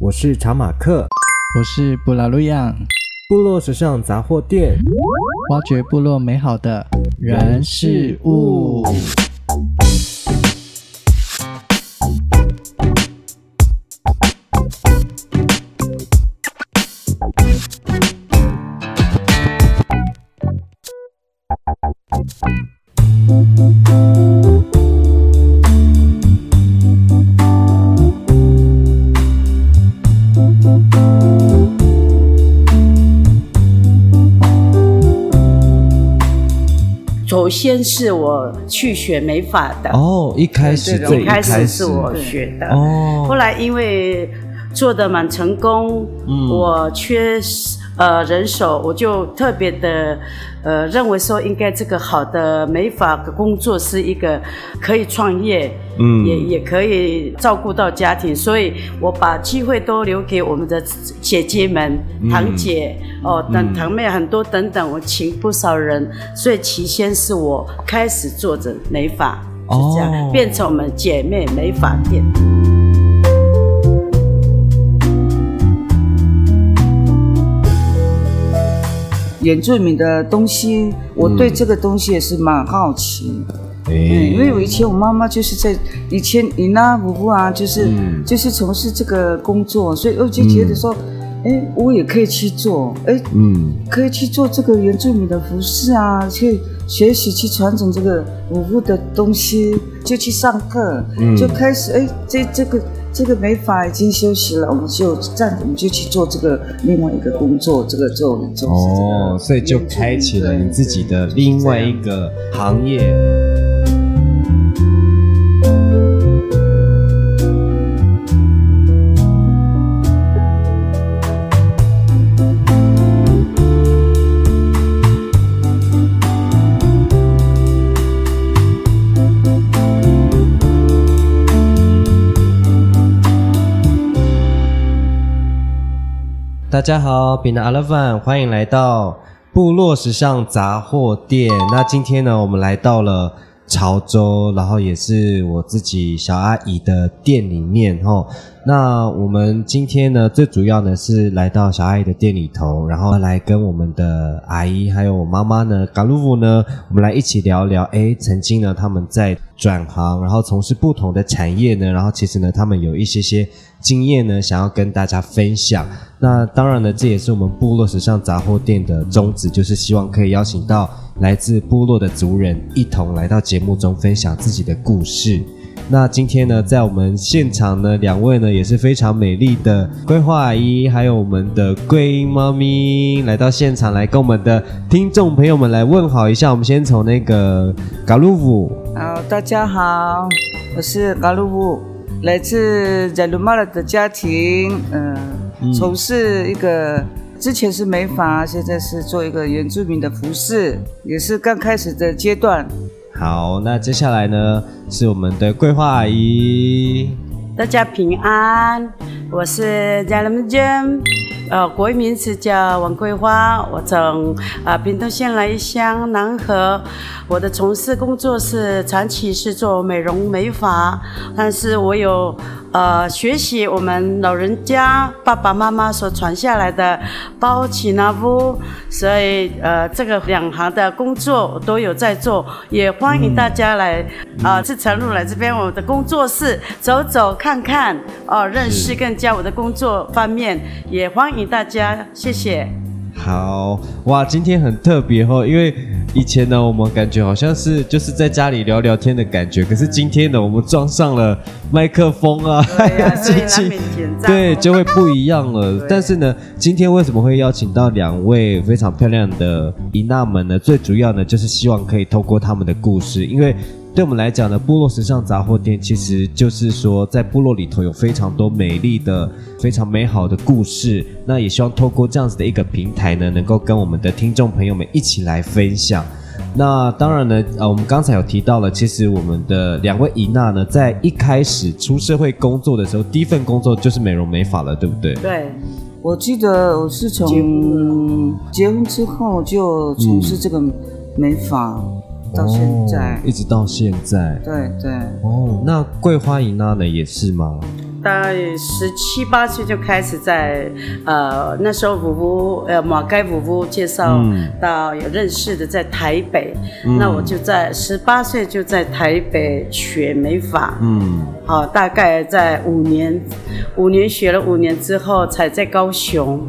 我是查馬克，我是布拉路漾，部落時尚雜貨店，挖掘部落美好的人事物。首先是我去學美髮的，哦，oh, 一開始最對開始是我學的，後來因為做得蠻成功，oh. 我缺。呃，人手我就特別的，呃，認為說應該這個好的美髮的工作是一個可以創業，嗯，也也可以照顧到家庭，所以我把機會都留給我們的姐姐們、嗯、堂姐哦，等堂妹很多等等，我請不少人，所以其先是我開始做着美髮，是這樣、哦、變成我們姐妹美髮店。原住民的東西，我對這個東西也是蠻好奇，嗯，因為我以前我媽媽就是在以前你那舞步啊，就是就是從事這個工作，所以我就覺得說，哎，我也可以去做，哎，嗯，可以去做這個原住民的服飾啊，去學習去傳承這個舞步的東西，就去上課，就開始哎、欸，這這個。這個沒法，已經休息了，我們就暫，我們就去做這個另外一個工作，這個做一做。哦，所以就開啟了你自己的另外一個行業。大家好，比那阿拉凡，歡迎來到部落時尚雜貨店。那今天呢，我們來到了潮州，然後也是我自己小阿姨的店裡面吼、哦。那我們今天呢，最主要呢是來到小阿姨的店裡頭，然後來跟我們的阿姨還有我媽媽呢，卡魯夫呢，我們來一起聊聊。哎，曾經呢，他們在轉行，然後從事不同的產業呢，然後其實呢，他們有一些些，經驗呢，想要跟大家分享。那當然呢，這也是我們部落時尚雜貨店的宗旨，嗯、就是希望可以邀請到來自部落的族人，一同來到節目中分享自己的故事。那今天呢，在我們現場呢，兩位呢也是非常美麗的桂花阿姨，還有我們的桂英媽咪，來到現場來跟我們的聽眾朋友們來問好一下。我們先從那個嘎露舞。嗯，大家好，我是嘎露舞。來自在羅馬的家庭，嗯、呃，從事一個之前是美髮，現在是做一個原住民的服飾，也是剛開始的階段。好，那接下來呢，是我們的桂花阿姨，大家平安。我是家人娟，呃，國語名字叫王桂花，我從啊、呃、屏東縣來義鄉南和，我的從事工作是長期是做美容美髮，但是我有呃學習我們老人家爸爸媽媽所傳下來的包起那屋，所以呃這個兩行的工作我都有在做，也歡迎大家來啊、嗯呃、自成路來這邊我的工作室走走看看哦、呃，認識更。在我的工作方面，也歡迎大家，謝謝。好哇，今天很特別哦，因為以前呢，我們感覺好像是就是在家裡聊聊天的感覺，嗯、可是今天呢，我們裝上了麥克風啊，對，就會不一樣了。嗯、但是呢，今天為什麼會邀請到兩位非常漂亮的伊娜們呢？嗯、最主要呢，就是希望可以透過他們的故事，因為。對我們來講呢，部落時尚雜貨店其實就是說，在部落裡頭有非常多美麗的、非常美好的故事。那也希望透過這樣子的一個平台呢，能夠跟我們的聽眾朋友們一起來分享。那當然呢，呃，我們剛才有提到了，其實我們的兩位姨娜呢，在一開始出社會工作的時候，第一份工作就是美容美髮了，對不對？對，我記得我是從結婚，結婚之後就從事這個美髮。嗯到現在、哦，一直到現在，對對。對哦，那桂花姨呢？也是嗎？大概十七八歲就開始在呃，那時候舞夫呃馬街舞夫介紹到有、嗯、認識的在台北，嗯、那我就在十八歲就在台北學美髮，嗯，好、呃，大概在五年，五年學了五年之後才在高雄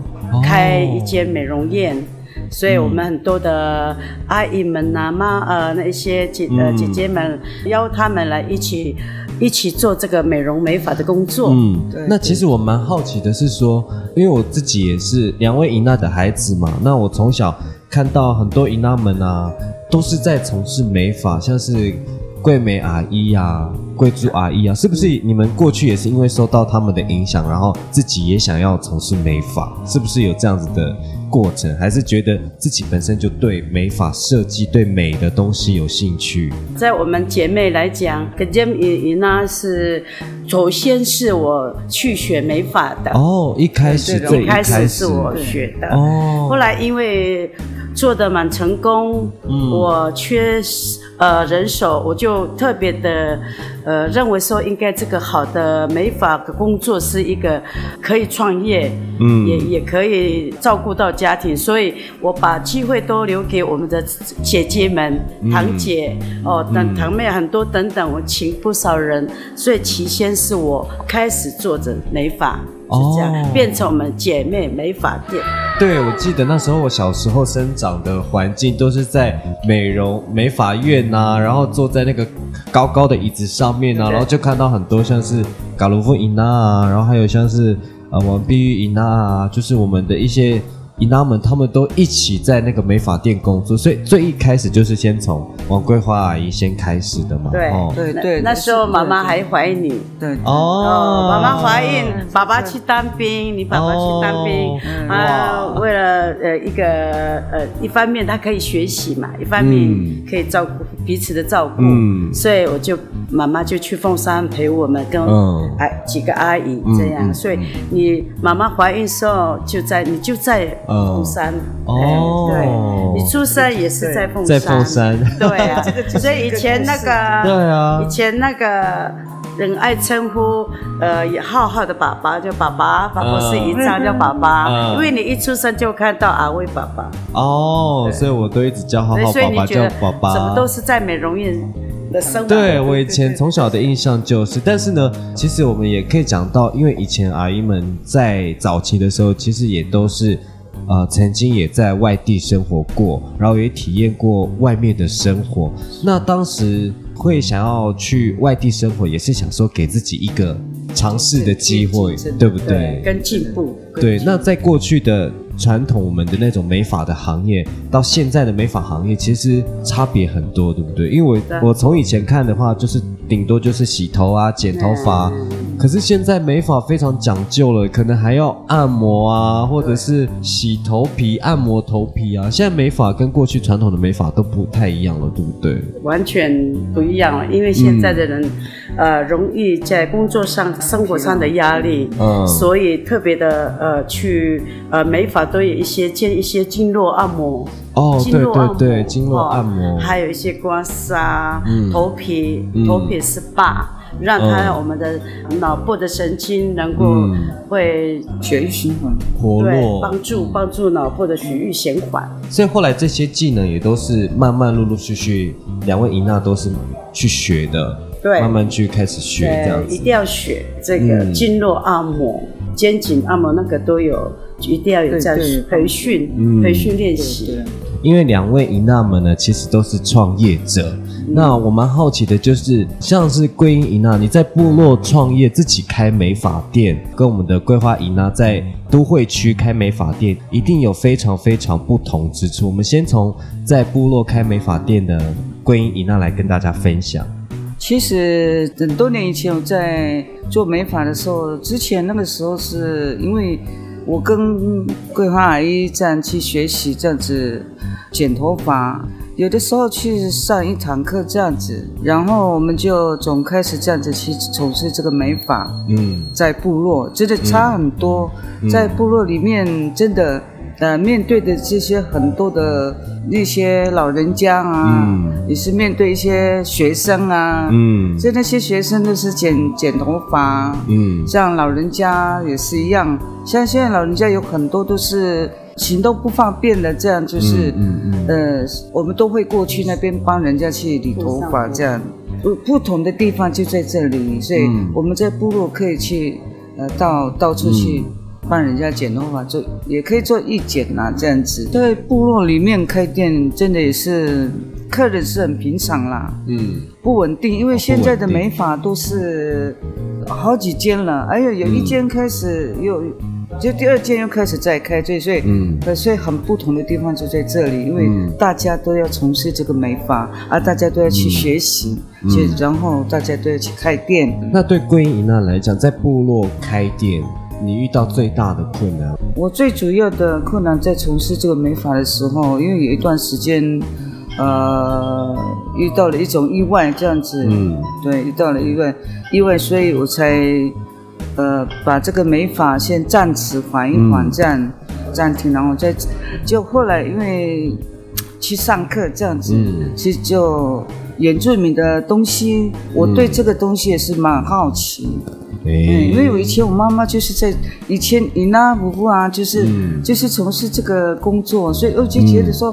開一間美容院。哦嗯所以，我們很多的阿姨們啊、媽呃、啊、那些姐姐姐們，邀他們來一起一起做這個美容美髮的工作。嗯，對。那其實我蠻好奇的是說，因為我自己也是兩位姨媽的孩子嘛，那我從小看到很多姨媽們啊，都是在從事美髮，像是。桂梅阿姨呀、啊，桂珠阿姨啊，是不是你們過去也是因為受到他們的影響，然後自己也想要從事美髮，是不是有這樣子的過程？還是覺得自己本身就對美髮設計、對美的東西有興趣？在我們姐妹來講，跟珍姨雲呢是，首先是我去學美髮的哦，一開始最開,開始是我學的哦，後來因為。做得蠻成功，嗯、我缺呃人手，我就特別的呃認為說，應該這個好的美髮的工作是一個可以創業，嗯，也也可以照顧到家庭，所以我把機會都留給我們的姐姐們、嗯、堂姐哦等堂妹很多、嗯、等等，我請不少人，所以起先是我開始做着美髮。是這樣，oh. 變成我們姐妹美髮店。對，我記得那時候我小時候生長的環境都是在美容美髮院吶、啊，然後坐在那個高高的椅子上面吶、啊，嗯、對對對然後就看到很多像是嘎魯夫伊娜啊，然後還有像是呃王、嗯、碧玉伊娜啊，就是我們的一些。姨媽們他們他們都一起在那個美髮店工作，所以最一開始就是先從王桂花阿姨，先開始的嘛。對對對，那時候媽媽還懷孕你。對，對，對哦，媽媽懷孕，爸爸去當兵，你爸爸去當兵啊、哦嗯呃，為了呃一個呃一方面他可以學習嘛，一方面可以照顧、嗯、彼此的照顧。嗯。所以我就媽媽就去鳳山陪我們跟幾個阿姨這樣，嗯嗯嗯、所以你媽媽懷孕時候就在你就在。鳳山哦，對，你出生也是在鳳山，在鳳山，對啊，所以以前那個，對啊，以前那個人愛稱呼呃浩浩的爸爸叫爸爸，寶寶是姨丈叫爸爸，因為你一出生就看到阿威爸爸哦，所以我都一直叫浩浩爸爸叫爸爸，什麼都是在美容院的生活。對，我以前從小的印象就是，但是呢，其實我們也可以講到，因為以前阿姨們在早期的時候，其實也都是。呃，曾經也在外地生活過，然後也體驗過外面的生活。嗯、那當時會想要去外地生活，也是想說給自己一個嘗試的機會，對不對？跟進步。對，跟進步，對，那在過去的。傳統我們的那種美髮的行業，到現在的美髮行業其實差別很多，對不對？因為我對我從以前看的話，就是頂多就是洗頭啊、剪頭髮，嗯、可是現在美髮非常講究了，可能還要按摩啊，或者是洗頭皮、對按摩頭皮啊。現在美髮跟過去傳統的美髮都不太一樣了，對不對？完全不一樣了，因為現在的人、嗯、呃容易在工作上、生活上的壓力，嗯、所以特別的呃去呃美髮。都有一些健一些經絡按摩，哦，對對對，經絡按摩，還有一些刮痧，頭皮頭皮 spa，讓它，我們的腦部的神經能夠會血液循環，對，幫助幫助腦部的血液循環。所以後來這些技能也都是慢慢陸陸續續，兩位 ina 都是去學的，對，慢慢去開始學，這樣子，一定要學這個經絡按摩。肩頸按摩那個都有，一定要有教學培訓，培訓練習。嗯、因為兩位姨那們呢，其實都是創業者。嗯、那我蠻好奇的，就是像是桂英姨那，你在部落創業，嗯、自己開美髮店，跟我們的桂花姨那在都會區開美髮店，嗯、一定有非常非常不同之處。我們先從在部落開美髮店的桂英姨那來跟大家分享。其實很多年以前，我在做美髮的時候，之前那個時候是因為我跟桂花阿姨這樣去學習這樣子剪頭髮，有的時候去上一堂課這樣子，然後我們就總開始這樣子去從事這個美髮。嗯，在部落真的差很多，嗯，嗯嗯，在部落裡面真的。呃，面對的這些很多的那些老人家啊，嗯、也是面對一些學生啊，嗯，所以那些學生都是剪剪頭髮，嗯，像老人家也是一樣，像現在老人家有很多都是行動不方便的，這樣就是，嗯嗯嗯、呃，我們都會過去那邊幫人家去理頭髮，這樣不不同的地方就在這裡，所以我們在部落可以去，呃，到到處去。嗯幫人家剪頭髮做也可以做義剪啊，這樣子在部落裡面開店，真的也是客人是很平常啦。嗯，不穩定，因為現在的美髮都是好幾間了，哎呦，有一間開始又就第二間又開始在開，所以嗯，所以很不同的地方就在這裡，因為大家都要從事這個美髮，啊，大家都要去學習，嗯，所以，然後大家都要去開店。嗯嗯、那對桂英娜來講，在部落開店。你遇到最大的困難？我最主要的困難在從事這個美髮的時候，因為有一段時間，呃，遇到了一種意外，這樣子，嗯，對，遇到了意外，意外，所以我才，呃，把這個美髮先暫時緩一緩，這樣暫、嗯、停，然後再，就後來因為去上課這樣子，其實、嗯、就原住民的東西，我對這個東西也是蠻好奇的。哎對、嗯，因為我以前我媽媽就是在以前，你呢、嗯，舞步啊，就是就是從事這個工作，所以我就覺得說，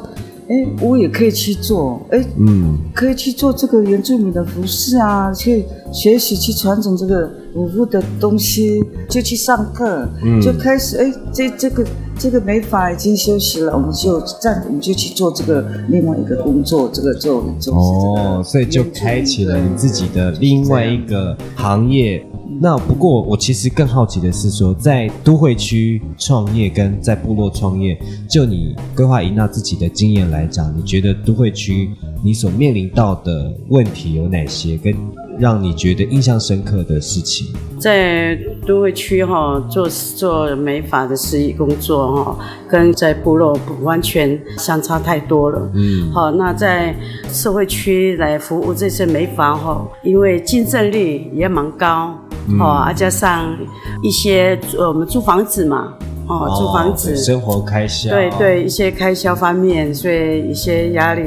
哎、嗯，我也可以去做，哎，嗯，可以去做這個原住民的服飾啊，去學習去傳承這個我們的東西，就去上課，嗯、就開始，哎，這這個這個沒法，已經休息了，我們就暫，我們就去做這個另外一個工作，這個就做這個哦。所以就開啟了你自己的另外一個行業。那不過，我其實更好奇的是說，在都會區創業跟在部落創業，就你規劃 ina 自己的經驗來講，你覺得都會區你所面臨到的問題有哪些？跟讓你覺得印象深刻的事情？在都會區哈、哦，做做美髮的生意工作哈、哦，跟在部落不完全相差太多了。嗯，好、哦，那在社會區來服務這些美髮哈、哦，因為競爭力也蠻高。哦、嗯啊，加上一些呃、我們租房子嘛，哦，租、哦、房子生活開銷，對對，一些開銷方面，所以一些壓力。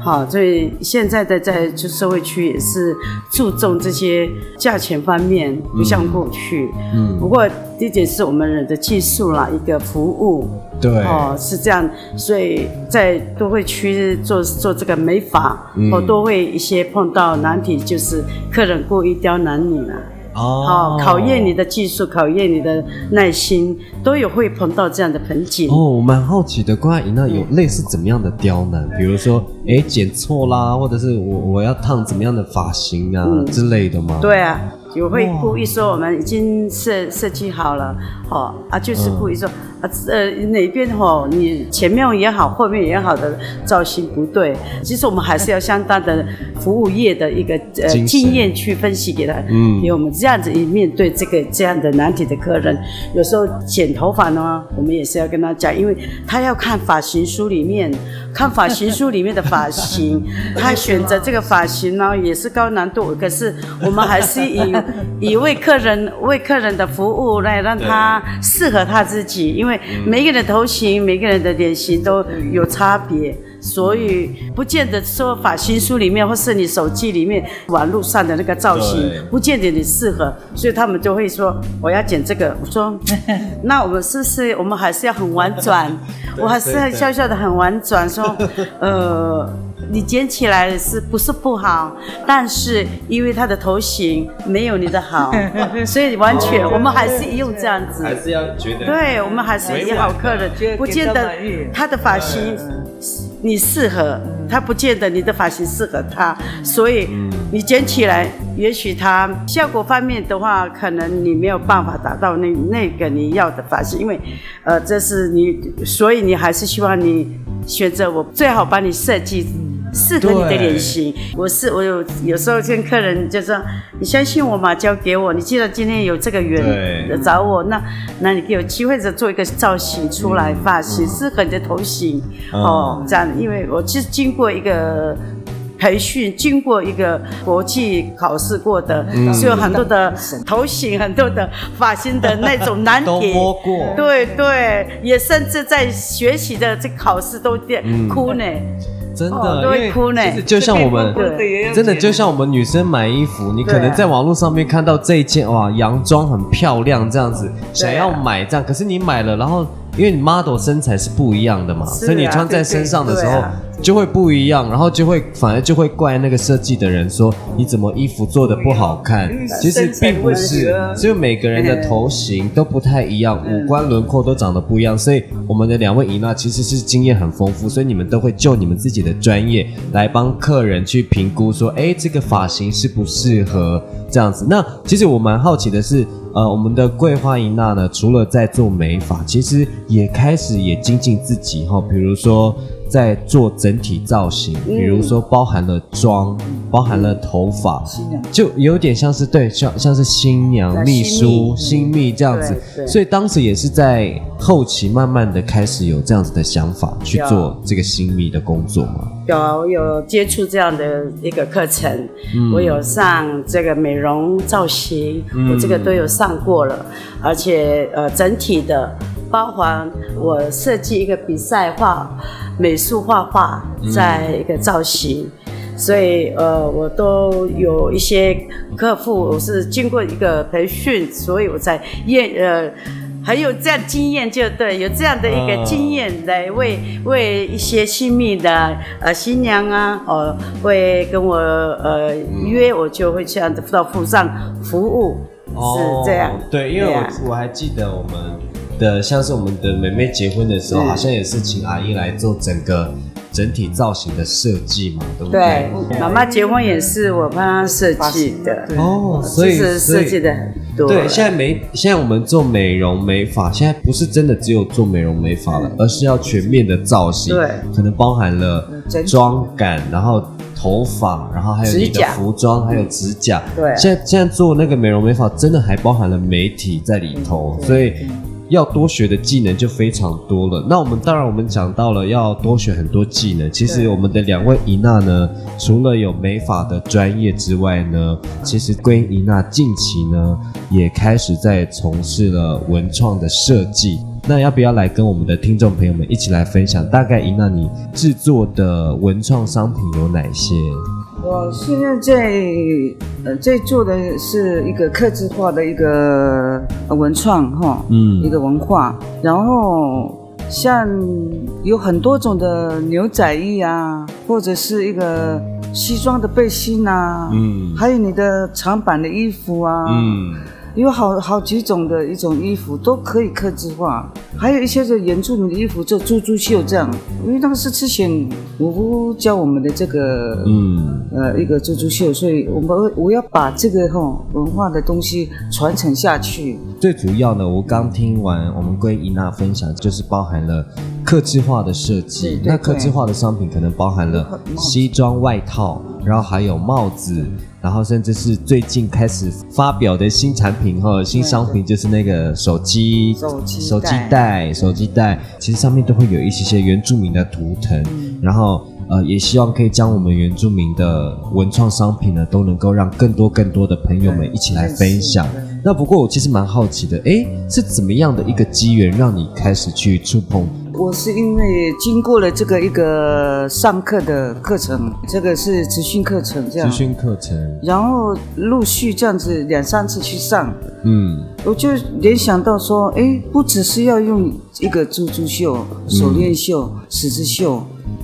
好、哦，所以現在的在就社會區也是注重這些價錢方面，嗯、不像過去。嗯，不過一點是我們人的技術啦，一個服務，對，哦，是這樣。所以在都會區做做這個美髮，我、嗯哦、都會一些碰到難題，就是客人故意刁難你了。哦，考驗你的技術，哦、考驗你的耐心，都有會碰到這樣的盆景哦。我蠻好奇的，怪那有類似怎麼樣的刁難？嗯、比如說，誒，剪錯啦，或者是我我要燙怎麼樣的髮型啊、嗯、之類的嗎？對啊，有會故意說我們已經設哇設計好了，哦啊，就是故意說。嗯呃，哪邊嚯、哦，你前面也好，後面也好的造型不對。其實我們還是要相當的服務業的一個、呃、神經驗去分析給他。嗯。因為我們這樣子一面對這個這樣的難題的客人，有時候剪頭髮呢，我們也是要跟他講，因為他要看髮型書裡面，看髮型書裡面的髮型， 他選擇這個髮型呢也是高難度。可是我們還是以 以為客人為客人的服務來讓他適合他自己，對因為。嗯、每個人的頭型、每個人的臉型都有差別，所以不見得說髮型書裡面或是你手機裡面網絡上的那個造型，不見得你適合。所以他們就會說：“我要剪這個。”我說：“ 那我們是不是我們還是要很婉轉？ 對我還是笑笑的很婉轉說：呃。”你剪起來是不是不好？但是因為他的頭型沒有你的好， 所以完全、哦、我們還是用這樣子，對還是要覺得對，我們還是以好客人不見得他的髮型你適合，他不見得你的髮型適合他，所以你剪起來也許他效果方面的話，可能你沒有辦法達到那那個你要的髮型，因為呃這是你，所以你還是希望你選擇我最好幫你設計。適合你的臉型對，我是我有有時候跟客人就說，你相信我嘛，交給我。你既然今天有這個緣對找我，那那你有機會就做一個造型出來，嗯、髮型適合你的頭型、嗯、哦，這樣。因為我是經過一個培訓，經過一個國際考試過的，嗯、所以很多的頭型、嗯、很多的髮型的那種難題，過對對，也甚至在學習的這個考試都、嗯、哭呢。真的，哦、因為其實就像我們，真的就像我們女生買衣服，你可能在網絡上面看到這一件、啊、哇，洋裝很漂亮這樣子，啊、想要買這樣，可是你買了然後。因為你 model 身材是不一樣的嘛，所以、啊、你穿在身上的時候對對、啊、就會不一樣，然後就會反而就會怪那個設計的人說你怎麼衣服做的不好看。嗯、其實並不是，不就，就每個人的頭型都不太一樣，嗯、五官輪廓都長得不一樣，嗯、所以我們的兩位姨媽其實是經驗很豐富，所以你們都會就你們自己的專業來幫客人去評估說，哎，這個髮型適不適合這樣子。那其實我蠻好奇的是。呃，我們的桂花一娜呢，除了在做美髮，其實也開始也精進自己哈，比如說。在做整體造型，比如說包含了妝，嗯、包含了頭髮，嗯嗯、新娘就有點像是對像像是新娘對秘書新秘、嗯、新秘這樣子，所以當時也是在後期慢慢的開始有這樣子的想法去做這個新秘的工作嗎？有，我有接觸這樣的一個課程，嗯、我有上這個美容造型，嗯、我這個都有上過了，而且呃整體的。包含我設計一個比賽畫美術畫畫在一個造型，嗯、所以呃我都有一些客戶，我是經過一個培訓，所以我才驗，呃很有這樣經驗，就對有這樣的一個經驗來為、嗯、為一些親密的呃、啊、新娘啊哦、呃、會跟我呃、嗯、約，我就會這樣子到府上服務、哦、是這樣，對，因為我 Yeah. 我還記得我們。的像是我們的妹妹結婚的時候，嗯、好像也是請阿姨來做整個整體造型的設計嘛，對不對？對，媽媽結婚也是我幫她設計的。哦，所以，所以是設計的很多。對，現在美現在我們做美容美髮，現在不是真的只有做美容美髮了，而是要全面的造型，對、嗯，可能包含了妝感，然後頭髮，然後還有你的指甲、服裝，還有指甲。嗯、對，現在現在做那個美容美髮，真的還包含了美體在裡頭，嗯、所以要多學的技能就非常多了。那我們當然我們講到了要多學很多技能。其實我們的兩位伊娜呢，除了有美髮的專業之外呢，其實關於伊娜近期呢，也開始在從事了文創的設計。那要不要來跟我們的聽眾朋友們一起來分享？大概伊娜你制作的文創商品有哪些？我、哦、現在在呃在做的是一個客製化的一個文創哈，哦、嗯，一個文化，然後像有很多種的牛仔衣啊，或者是一個西裝的背心吶、啊，嗯，還有你的長版的衣服啊，嗯。有好好幾種的一種衣服都可以客製化，還有一些原住民的衣服，做珠珠繡，這樣。因為那個是之前 vuvu 教我們的這個，嗯呃，一個珠珠繡，所以我們我要把這個哈、哦、文化的東西傳承下去。最主要呢，我剛聽完我們歸一娜分享，就是包含了客製化的設計。那客製化的商品可能包含了西裝外套，哦哦、然後還有帽子。然後甚至是最近開始發表的新產品或者新商品，就是那個手機手機袋，手機袋，其實上面都會有一些些原住民的圖騰。然後呃，也希望可以將我們原住民的文創商品呢，都能夠讓更多更多的朋友們一起來分享。那不過我其實蠻好奇的，誒，是怎麼樣的一個機緣讓你開始去觸碰？.我是因為經過了這個一個上課的課程，這個是職訓課，課程，這樣。職訓課程。然後陸續這樣子兩三次去上，嗯，我就聯想到說，哎，不只是要用一個珠珠繡、手鏈繡、嗯、十字繡，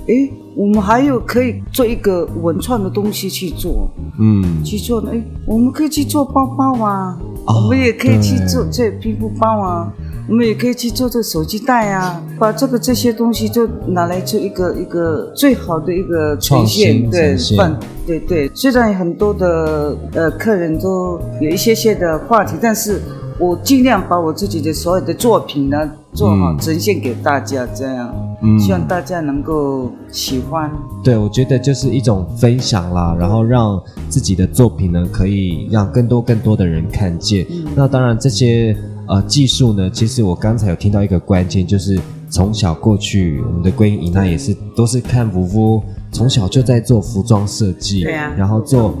哎，我們還有可以做一個文創的東西去做，嗯，去做哎，我們可以去做包包啊，哦、我們也可以去做這皮布包啊。我們也可以去做手機袋啊，把這個這些東西就拿來做一個一個最好的一個呈現，新對，心對對。雖然很多的呃客人都有一些些的話題，但是我儘量把我自己的所有的作品呢做好，嗯，呈現給大家，這樣，嗯，希望大家能夠喜歡。對，我覺得就是一種分享啦，然後讓自己的作品呢可以讓更多更多的人看見。嗯，那當然這些。呃、技術呢？其實我剛才有聽到一個關鍵，就是從小過去，我們的閨女尹娜也是，對都是看 vuvu，從小就在做服裝設計，對、啊、然後做，做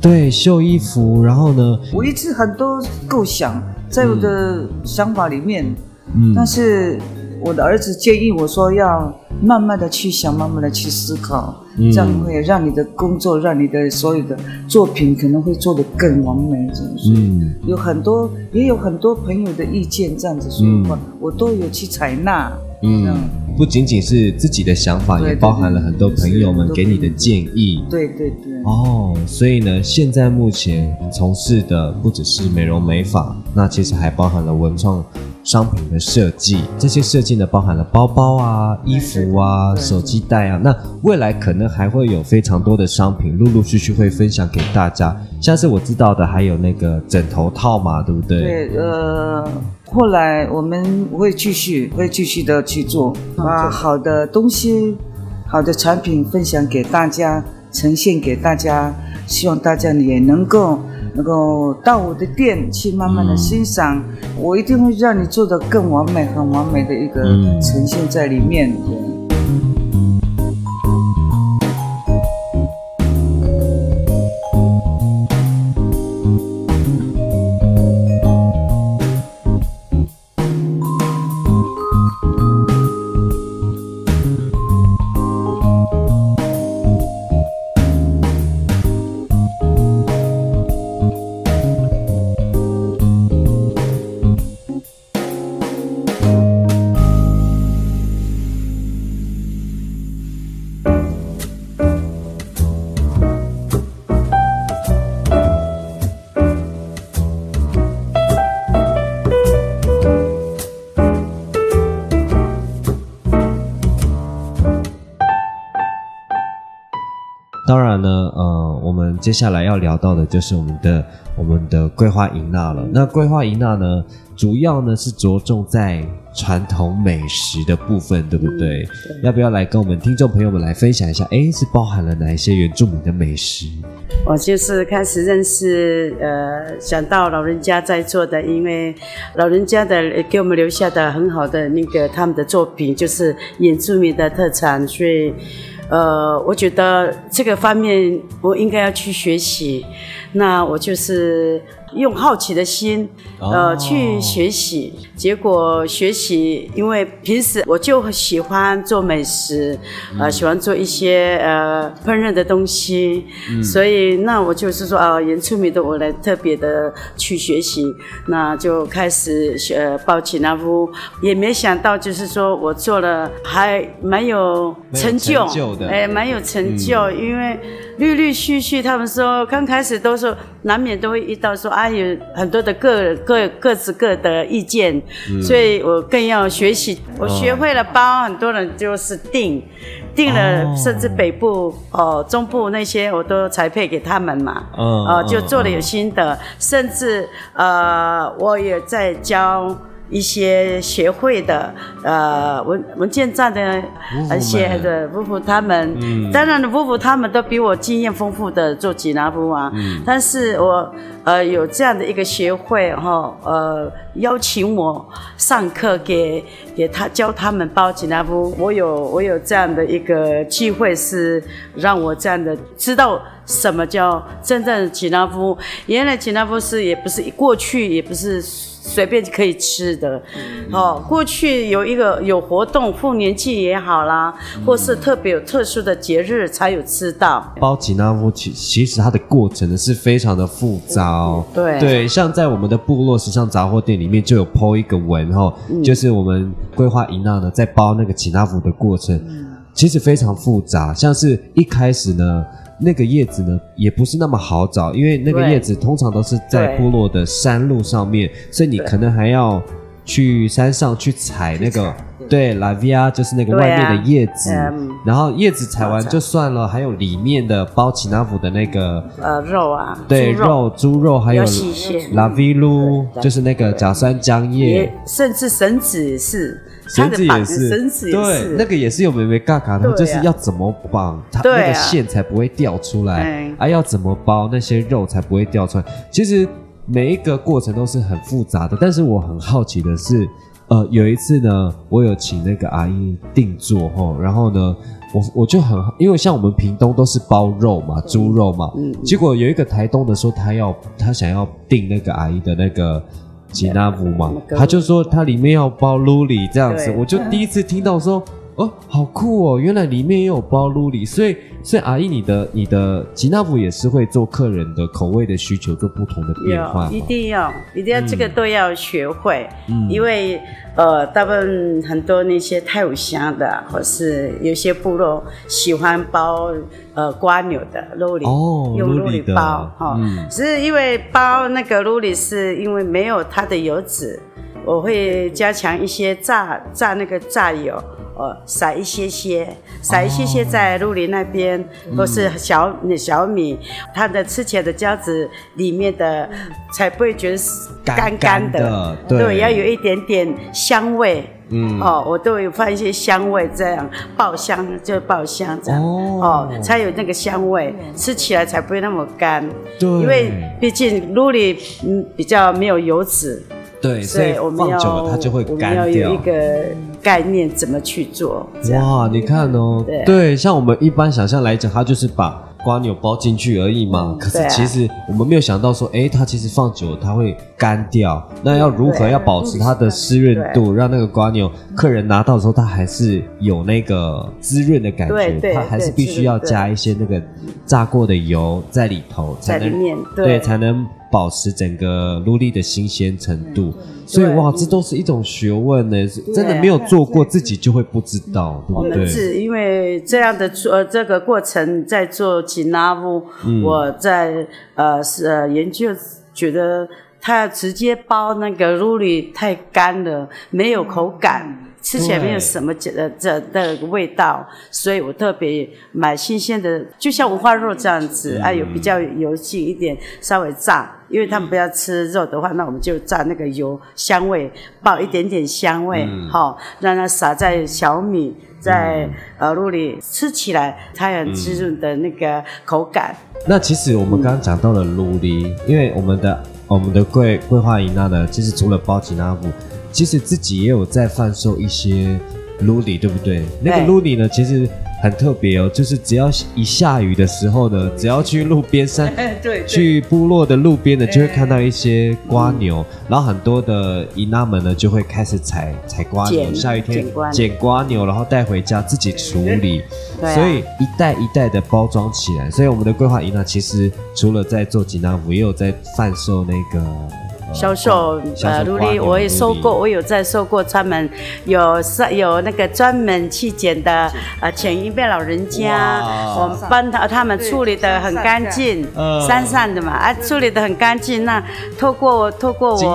對，繡衣服，啊、然後呢？我一直很多構想，在我的想法裡面，嗯，但是，嗯我的兒子建議我說要慢慢的去想，慢慢的去思考，嗯、這樣會讓你的工作，讓你的所有的作品可能會做得更完美。這樣，嗯、所以有很多，也有很多朋友的意見，這樣子說話，嗯、我都有去採納。這樣、嗯，嗯、不僅僅是自己的想法，對對對也包含了很多朋友們給你的建議。對，對對對。哦，所以呢，現在目前從事的不只是美容美髮，那其實還包含了文創。商品的設計，這些設計呢，包含了包包啊、衣服啊，是的，手機袋啊。是的。那未來可能還會有非常多的商品，陸陸續續會分享給大家。像是我知道的，還有那個枕頭套嘛，對不對？對，呃，後來我們會繼續，會繼續的去做，嗯、把好的東西、好的產品分享給大家，呈現給大家，希望大家也能夠。能夠到我的店去慢慢的欣賞，嗯、我一定會讓你做的更完美，很完美的一個呈現在裡面，對。當然呢，呃，我們接下來要聊到的就是我們的我們的桂花銀娜了。嗯、那桂花銀娜呢，主要呢是着重在傳統美食的部分，對不對？嗯、對。要不要來跟我們聽眾朋友們來分享一下？誒，是包含了哪一些原住民的美食？我就是開始認識，呃，想到老人家在做的，因為老人家的給我們留下的很好的那個他們的作品，就是原住民的特產，所以。呃，我覺得這個方面我應該要去學習，那我就是。用好奇的心，oh. 呃，去學習。結果學習，因為平時我就喜歡做美食，嗯呃、喜歡做一些呃烹飪的東西，嗯、所以那我就是說啊，原住民的我來特別的去學習，那就開始學，包 cinavu 也沒想到就是說我做了還蠻有成就，成就哎，蠻有成就，嗯、因為。陸陸續續，綠綠綠他們說剛開始都說難免都會遇到說啊，有很多的各各各自各的意見，嗯、所以我更要學習。我學會了包，嗯、很多人就是訂，訂了甚至北部哦，哦、中部那些我都裁配給他們嘛，嗯、哦就做了有心得，嗯、嗯、甚至呃我也在教。一些協會的，呃文文件站的，而且的，夫婦他們，嗯、當然了夫婦他們都比我經驗豐富的做吉納福啊，嗯、但是我呃有這樣的一個協會哈、哦，呃邀請我上課，給給他教他們包吉納福，我有我有這樣的一個機會是讓我這樣的知道。什麼叫真正的吉納福？原來吉納福是也不是過去也不是隨便可以吃的。嗯、哦，過去有一個有活動，逢年慶也好啦，嗯、或是特別有特殊的節日才有吃到。包吉納福其其實它的過程呢是非常的複雜哦。嗯、對對，像在我們的部落時尚雜貨店裡面就有 PO 一個文哈、哦，嗯、就是我們規劃一導呢在包那個吉納福的過程，嗯、其實非常複雜，像是一開始呢。那個葉子呢，也不是那麼好找，因為那個葉子通常都是在部落的山路上面，所以你可能還要去山上去採那個。對，拉維亞，就是那個外面的葉子，然後葉子採完就算了，還有裡面的包吉納福的那個呃肉啊，對肉豬肉還有拉維魯，就是那個假酸漿葉，甚至繩子也是繩子也是繩子也是，對那個也是有美美嘎嘎的，就是要怎麼綁它那個線才不會掉出來，還要怎麼包那些肉才不會掉出來，其實每一個過程都是很複雜的，但是我很好奇的是。呃，有一次呢，我有請那個阿姨定做吼，然後呢，我我就很，因為像我們屏東都是包肉嘛，對豬肉嘛，嗯嗯結果有一個台東的說他要他想要訂那個阿姨的那個吉納福嘛，啊、他就說他裡面要包滷裡這樣子，對我就第一次聽到說。哦，好酷哦！原來裡面也有包露里，所以所以阿姨你，你的你的吉納福也是會做客人的口味的需求，做不同的變化，有一定要一定要這個都要學會，嗯，因為呃，大部分很多那些泰武鄉的或是有些部落喜歡包呃瓜牛的露里，哦，露里，用露里包，哈、嗯，只是因為包那個露里是因為沒有它的油脂，我會加強一些炸炸那個炸油。哦，撒一些些，撒一些些在露里那邊，哦，都是小，嗯，小米，它的吃起來的膠子裡面的才不會覺得乾乾的，乾乾的對，要有一點點香味，嗯，哦，我都有放一些香味這樣爆香就爆香這樣，哦，哦，才有那個香味，對吃起來才不會那麼乾，對，因為畢竟露里嗯比較沒有油脂。對，所以放久了它就會乾掉。對，我們要。我們要有一個概念，怎麼去做？哇，你看哦，嗯、對,對，像我們一般想象來講，它就是把瓜牛包進去而已嘛。可是其實我們沒有想到說，哎，它其實放久了它會乾掉。那要如何要保持它的濕潤度，讓那個瓜牛客人拿到的時候，它還是有那個滋潤的感覺？它還是必須要加一些那個炸過的油在裡頭，在裡面，對，才能。對才能保持整個 luli 的新鮮程度，嗯、所以對哇，這都是一種學問呢，對真的沒有做過對自己就會不知道，對，對不對？因為這樣的做、呃、這個過程在做 cinavu，我在呃是研究覺得它直接包那個 luli 太乾了，沒有口感。嗯吃起來沒有什麼這這的味道，對所以我特別買新鮮的，就像五花肉這樣子，哎呦、嗯啊、比較油性一點，稍微炸。因為他們不要吃肉的話，嗯、那我們就炸那個油香味，爆一點點香味，好、嗯哦，讓它撒在小米在、嗯、呃爐裡，吃起來它也很滋潤的那個口感。嗯、那其實我們剛剛講到了爐梨，嗯、因為我們的我們的桂桂花納呢，其實除了包吉納福。其實自己也有在販售一些露里，對不對？對那個露里呢，其實很特別哦、喔，就是只要一下雨的時候呢，對只要去路邊上對，對，去部落的路邊呢，對就會看到一些蝸牛，嗯、然後很多的 ina 們呢就會開始採採蝸牛，撿下雨天撿蝸牛，牛，然後帶回家自己處理，啊、所以一袋一袋的包裝起來。所以我們的桂花 ina 呢，其實除了在做吉納福，也有在販售那個。銷售呃，盧麗我也收過，我有在收過他們有山有那個專門去撿的呃，前一輩老人家，我幫他他們處理的很乾淨，山上的嘛啊處理的很乾淨。那透過透過我對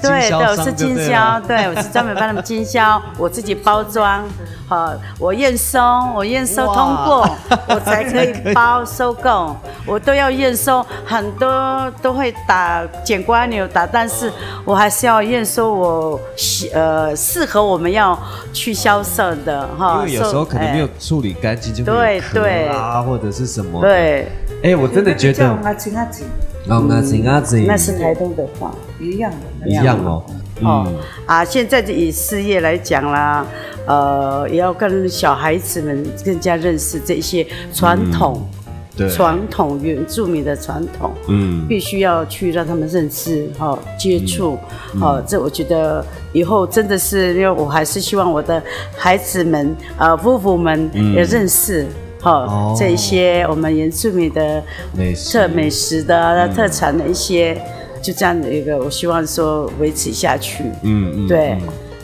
對，我是經銷，對，我是專門幫他們經銷，我自己包裝。好，我驗收，我驗收通過，我才可以包收購，我都要驗收，很多都會打撿蝸牛打，但是我還是要驗收我，我適呃適合我們要去銷售的哈。哦、因為有時候可能沒有處理乾淨，就會、啊、對，啊或者是什麼對。對，哎、欸，我真的覺得。那阿那阿那是台東的話，一樣，一樣，一，樣一樣哦。哦、嗯、啊，現在就以事業來講啦，呃，也要跟小孩子們更加認識這一些傳統、嗯，對，傳統原住民的傳統，統，嗯，必須要去讓他們認識，哦，接觸、嗯，哈、嗯啊，這我覺得以後真的是，因為我還是希望我的孩子們，呃、啊，夫婦們也認識，哈、嗯，這一些我們原住民的美食美食的特產的一些。嗯就這樣的一個，我希望說維持下去。嗯嗯，嗯嗯對。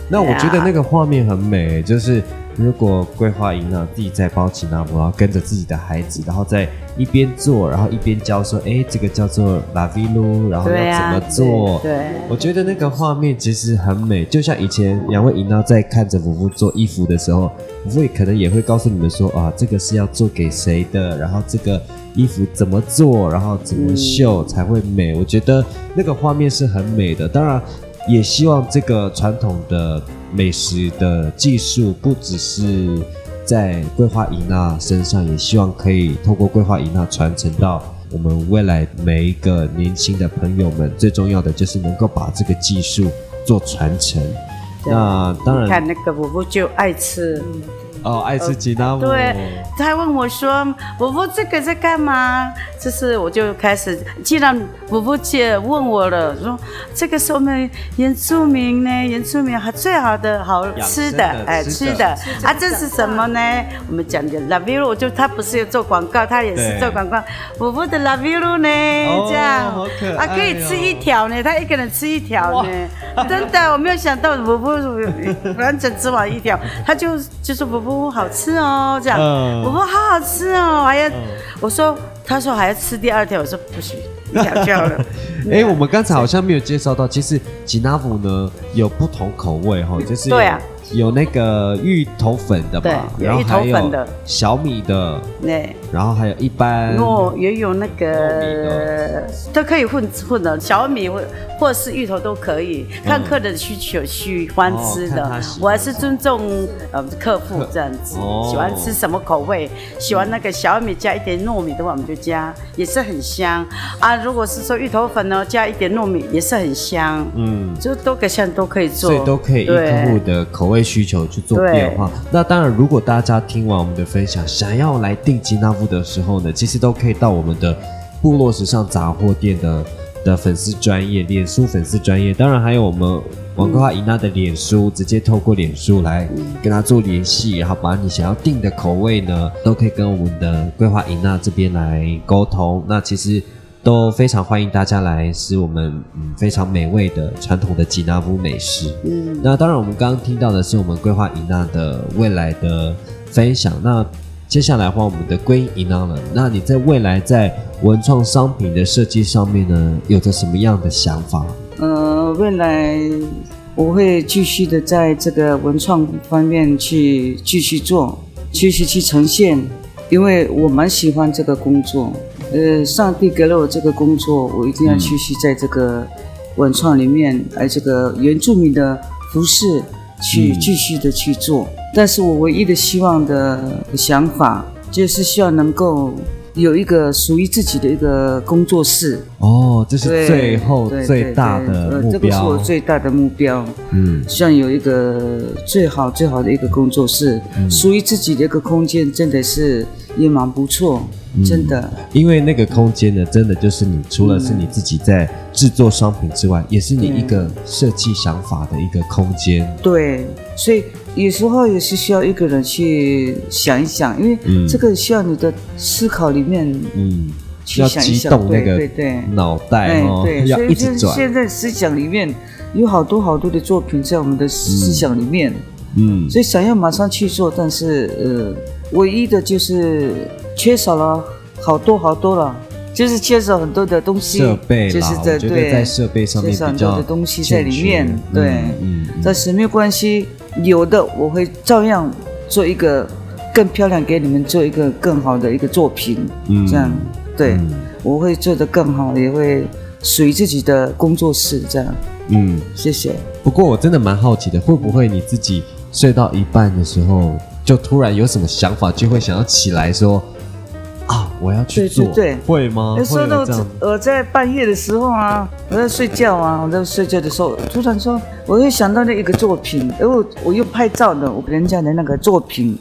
那我覺得那個畫面很美，啊、就是如果桂花姨那地在包起那、啊，我要跟着自己的孩子，然後再。一邊做，然後一邊教說，哎、欸，這個叫做拉皮嚕，然後要怎麼做？對，啊、對，對我覺得那個畫面其實很美，就像以前兩位 ina 在看着 vuvu 做衣服的時候，vuvu 可能也會告訴你們說，啊，這個是要做給誰的，然後這個衣服怎麼做，然後怎麼繡才會美。嗯、我覺得那個畫面是很美的，當然也希望這個傳統的美食的技術不只是。在桂花姨那身上，也希望可以透過桂花姨那傳承到我們未來每一個年輕的朋友們。最重要的就是能夠把這個技術做傳承。對那當然，看那個伯伯就愛吃。嗯哦，oh, 愛吃雞蛋。對，他還問我說：“婆婆，這個在幹嘛？”就是我就開始，既然婆婆姐問我了，說：“這個是我們原住民呢，原住民還最好的好吃的，哎，欸、吃的。吃的吃這個、啊，這是什麼呢？我們講的拉比露，iro, 就他不是有做廣告，他也是做廣告。婆婆的拉比露呢，oh, 這樣、哦、啊，可以吃一條呢，他一個人吃一條呢，真的，我沒有想到婆婆完整吃完一條，他就就是婆婆。哦，好吃哦！這樣，嗯、我說好好吃哦，還要、嗯、我說，他說還要吃第二條，我說不許，行，這樣了。哎、 欸，啊、我們剛才好像沒有介紹到，以其實吉納福呢有不同口味哈，就是對啊，有那個芋頭粉的吧？對芋頭粉的。小米的。對。然後還有一般哦，也有那個都可以混混的，小米或、或是芋頭都可以，嗯、看客人需求喜歡吃的，哦、吃我還是尊重呃客戶這樣子，哦、喜歡吃什麼口味，嗯、喜歡那個小米加一點糯米的話，我們就加，也是很香啊。如果是說芋頭粉呢，加一點糯米也是很香，嗯，就多個餡都可以做，對，都可以，以客戶的口味需求去做變化。對那當然，如果大家聽完我們的分享，想要來定金那，的時候呢，其實都可以到我們的部落時尚雜貨店的的粉絲專頁臉書粉絲專頁，當然還有我們王桂花姨娜的臉書，直接透過臉書來跟他做聯繫，然後把你想要訂的口味呢，都可以跟我們的桂花姨娜這邊來溝通。那其實都非常歡迎大家來吃我們嗯非常美味的傳統的吉納福美食。嗯，那當然我們剛剛聽到的是我們桂花姨娜的未來的分享。那接下來換我們的歸銀來了。那你在未來在文創商品的設計上面呢，有着什麼樣的想法？呃，未來我會繼續的在這個文創方面去繼續做，繼續去呈現，因為我蠻喜歡這個工作。呃，上帝給了我這個工作，我一定要繼續在這個文創裡面，哎、嗯，來這個原住民的服飾去繼續的去做。但是我唯一的希望的想法，就是希望能夠有一個屬於自己的一個工作室。哦，這是最後最大的目標。呃、這個是我最大的目標。嗯，希望有一個最好最好的一個工作室，嗯嗯、屬於自己的一個空間，真的是也蠻不錯，真的、嗯。因為那個空間呢，真的就是你除了是你自己在製作商品之外，嗯、也是你一個設計想法的一個空間。對，所以。有時候也是需要一個人去想一想，因為這個需要你的思考裡面，嗯，去想一想、嗯、對那對對對腦袋、哦、對，對對要一直轉。所以就是現在思想裡面有好多好多的作品在我們的思想裡面，嗯，嗯，所以想要馬上去做，但是呃，唯一的就是缺少了好多好多了，就是缺少很多的東西，設備，就是在設備上面缺，缺少很多的東西在裡面，對，嗯，嗯嗯，但是沒有關係。有的我會照樣做一個更漂亮，給你們做一個更好的一個作品，嗯，這樣對，嗯，我會做得更好，也會屬於自己的工作室這樣。嗯，謝謝。不過我真的蠻好奇的，會不會你自己睡到一半的時候，就突然有什麼想法，就會想要起來說。我要去做，對，對，會嗎？會。有時候我我在半夜的時候啊，我在睡覺啊，我在睡覺的時候，突然說，我又想到那一個作品，然後我我又拍照的，我跟人家的那個作品，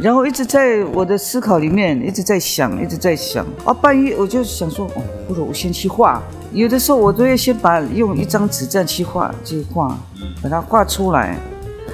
然後一直在我的思考裡面，一直在想，一直在想，啊半夜我就想說，哦，不如我先去畫，有的時候我都會先把用一張紙這樣去畫去畫，把它畫出來，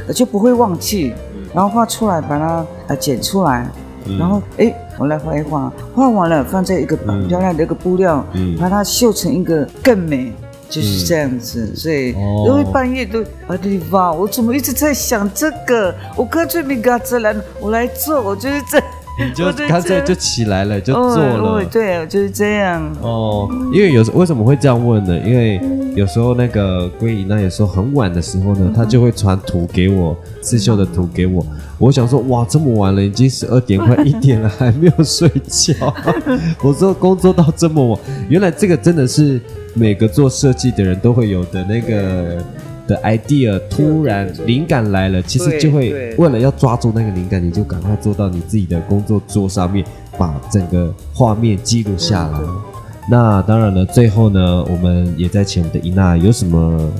我就不會忘記，然後畫出來把它啊剪出來。嗯、然後哎，我來畫一畫，畫完了放在一個很漂亮的一個布料，嗯、把它繡成一個更美，就是這樣子。嗯、所以因為、哦、半夜都啊，對吧？我怎麼一直在想這個？我乾脆沒幹這了，我來做，我就是在。你就乾脆就起來了，就，就做了，對，就是這樣。哦，因為有時為什麼會這樣問呢？因為有時候那個龜姨呢，有時候很晚的時候呢，嗯、她就會傳圖給我，刺繡的圖給我。我想說，哇，這麼晚了，已經十二點快一點了，還沒有睡覺。 我說工作到這麼晚，原來這個真的是每個做設計的人都會有的那個。的 idea 突然，靈感來了，對對對，其實就會為了要抓住那個靈感，對對，你就趕快坐到你自己的工作桌上面，嗯、把整個畫面記錄下來。對對，那當然了，最後呢，我們也在請我們的伊娜有什麼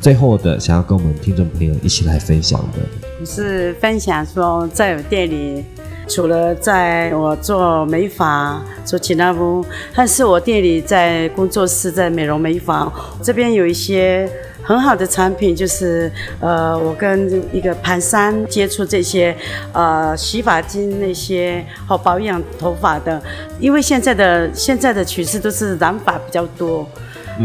最後的想要跟我們聽眾朋友一起來分享的？是分享說，在我店裡除了在我做美髮做其他服務，但是我店裡在工作室在美容美髮這邊有一些。很好的產品就是，呃，我跟一個盤山接觸這些，呃，洗髮精那些和保養頭髮的，因為現在的現在的趨勢都是染髮比較多。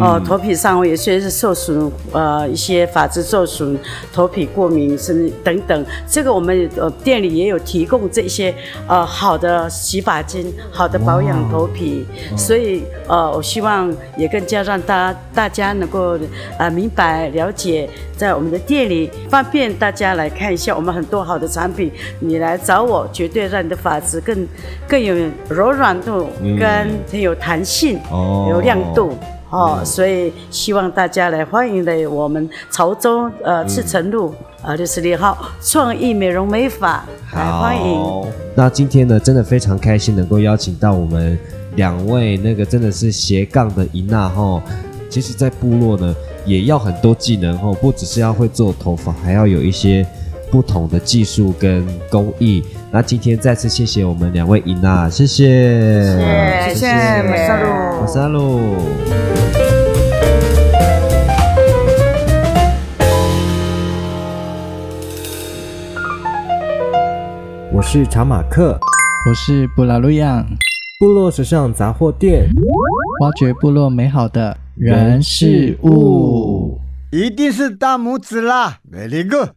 哦，頭、嗯、皮上頭也是受損，呃，一些髮質受損，頭皮過敏是等等，這個我們呃店裡也有提供這些呃好的洗髮精，好的保養頭皮，哦、所以呃我希望也更加讓大家大家能夠啊、呃、明白了解，在我們的店裡方便大家來看一下我們很多好的產品，你來找我絕對讓你的髮質更更有柔軟度、嗯、跟很有彈性，哦、有亮度。哦，所以希望大家來歡迎來我們潮州呃赤城路呃六十六號創意美容美髮好，歡迎好。那今天呢，真的非常開心能夠邀請到我們兩位那個真的是斜槓的尹娜哈。其實，在部落呢，也要很多技能哦，不只是要會做頭髮，還要有一些不同的技術跟工藝。那今天再次謝謝我們兩位尹娜，謝謝，謝謝，謝謝，馬薩路，馬薩路。我是查馬克，我是布拉路漾，部落時尚雜貨店，挖掘部落美好的人事物，一定是大拇指啦，Very good。